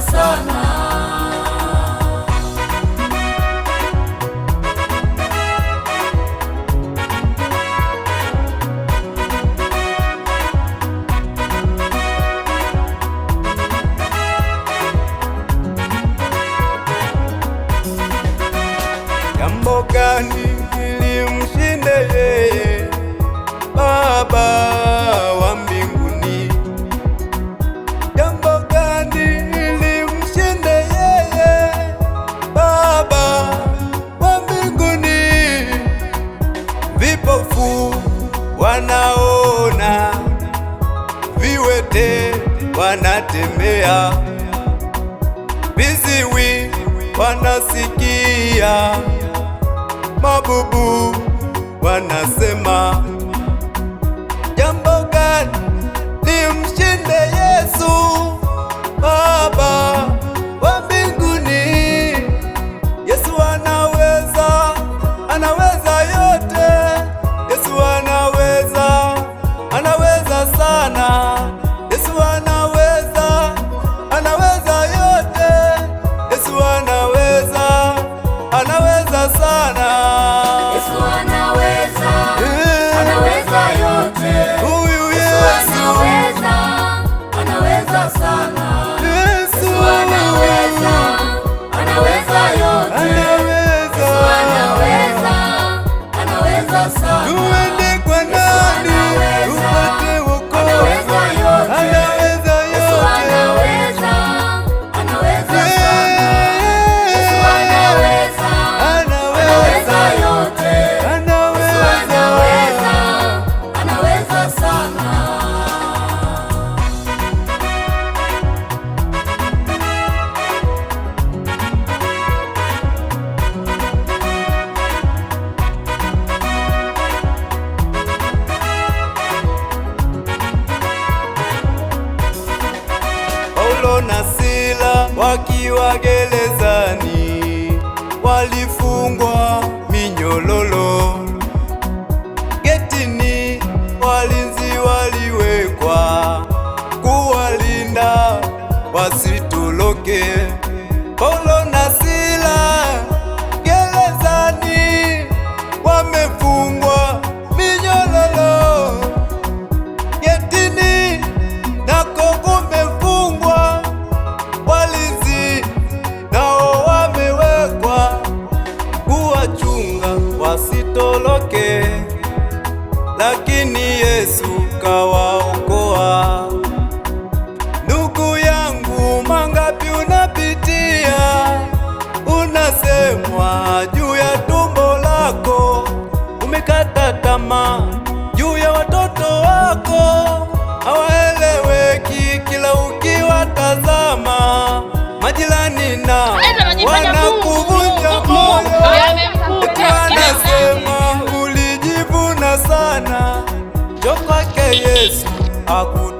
sana sana. Jambo gani ilimshinde yeye Baba? wanaona, viwete wanatembea, viziwi wanasikia, mabubu wanasema. na Sila wakiwa gerezani walifungwa minyololo, getini walinzi waliwekwa kuwalinda wasitoroke. Polo wake, lakini Yesu kawaokoa. Ndugu yangu, mangapi unapitia, unasemwa juu ya tumbo lako, umekata tamaa juu ya watoto wako, hawaeleweki kila ukiwataza yes, I could